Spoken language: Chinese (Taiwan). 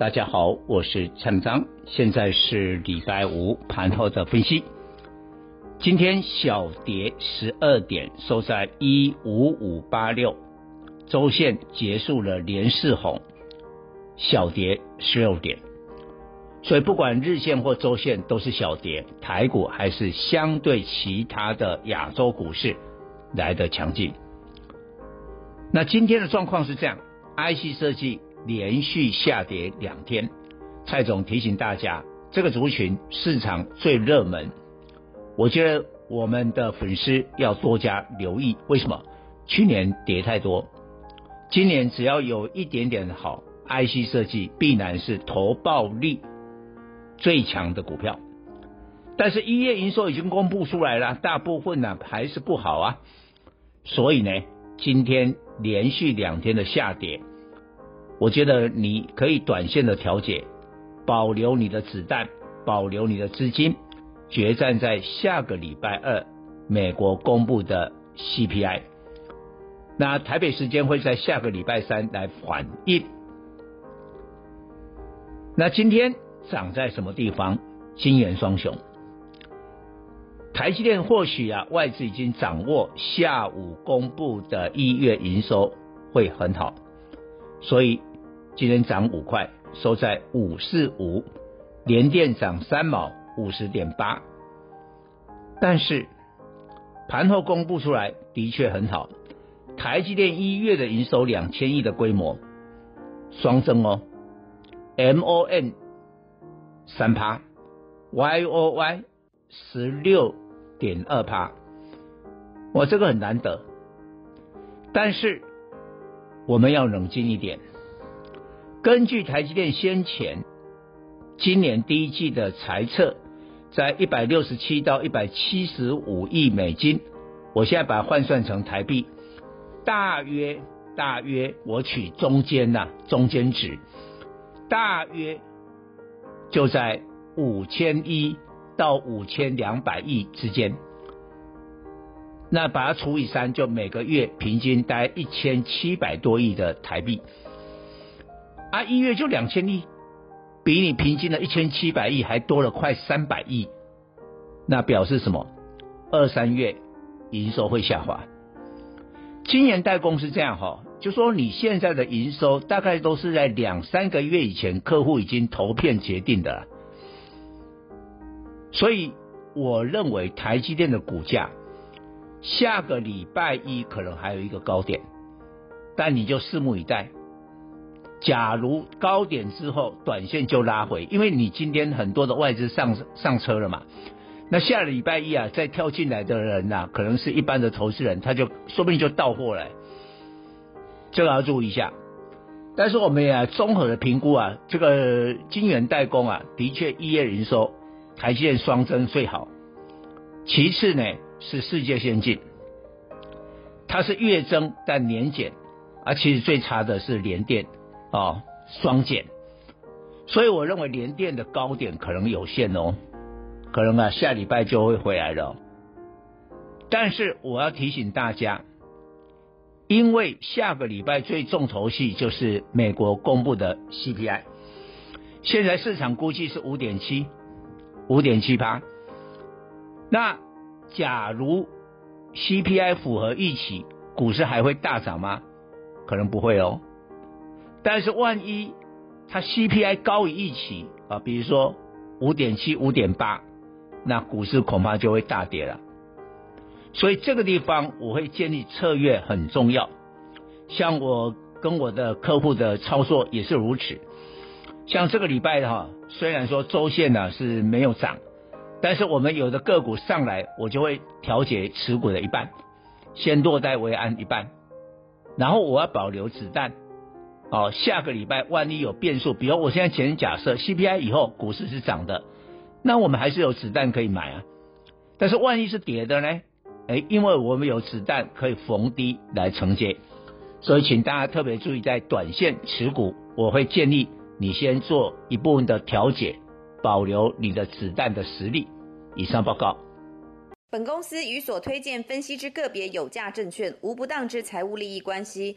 大家好，我是陳章，現在是禮拜五盤後的分析。今天小跌十二點，收在一五五八六，週線結束了連四紅，小跌十六點，所以不管日線或週線都是小跌，台股還是相對其他的亞洲股市來得強勁。那今天的狀況是這樣，IC 設計。連續下跌兩天，蔡總提醒大家，這個族群市場最熱門，我覺得我們的粉絲要多加留意。為什麼？去年跌太多，今年只要有一點點好，IC 設計必然是投報率最強的股票。但是一月營收已經公布出來了，大部分呢、啊、還是不好啊。所以呢，今天連續兩天的下跌。我覺得你可以短線的調節，保留你的子彈，保留你的資金。決戰在下個禮拜二，美國公布的 CPI，那台北時間會在下個禮拜三來反應。那今天漲在什麼地方？晶圓雙雄，台積電或許啊，外資已經掌握下午公布的一月營收會很好，所以。今天漲五塊，收在五四五，聯電漲三毛，五十點八。但是盤後公布出來的確很好，台積電一月的營收兩千億的規模，雙增哦。M O N 三趴，Y O Y 十六點二趴，我這個很難得。但是我們要冷靜一點。根據台積電先前今年第一季的財測，在一百六十七到一百七十五億美金，我現在把它換算成台幣，大約大約我取中間吶、啊，中間值，大約就在五千一到五千兩百億之間，那把它除以三，就每個月平均待一千七百多億的台幣。啊，一月就兩千億，比你平均的一千七百億還多了快三百億，那表示什麼？二三月營收會下滑。今年代工是這樣吼，就說你現在的營收大概都是在兩三個月以前客戶已經投片決定的了，所以我認為台積電的股價下個禮拜一可能還有一個高點，但你就拭目以待。假如高點之後短線就拉回，因為你今天很多的外資上上車了嘛，那下個禮拜一啊，再跳進來的人吶、啊，可能是一般的投資人，他就說不定就到貨了，這個要注意一下。但是我們也、啊、綜合的評估啊，這個晶圓代工啊，的確一月營收台積電雙增最好，其次呢是世界先進，它是月增但年減，啊，其實最差的是聯電。哦，雙減，所以我認為聯電的高點可能有限哦，可能啊下禮拜就會回來了。但是我要提醒大家，因為下個禮拜最重頭戲就是美國公布的 CPI，現在市場估計是五點七，五點七趴。那假如 CPI 符合預期，股市還會大漲嗎？可能不會哦。但是萬一它 CPI 高於預期啊，比如說五點七、五點八，那股市恐怕就會大跌了。所以這個地方我會建立策略很重要。像我跟我的客戶的操作也是如此。像這個禮拜哈、啊，雖然說週線呢是沒有漲，但是我們有的個股上來，我就會調節持股的一半，先落袋為安一半，然後我要保留子彈。哦，下個禮拜萬一有變數，比如我現在前假設 CPI 以後股市是漲的，那我們還是有子彈可以買啊。但是萬一是跌的呢？誒，因為我們有子彈可以逢低來承接，所以請大家特別注意，在短線持股，我會建議你先做一部分的調節，保留你的子彈的實力。以上報告。本公司與所推薦分析之個別有價證券無不當之財務利益關係。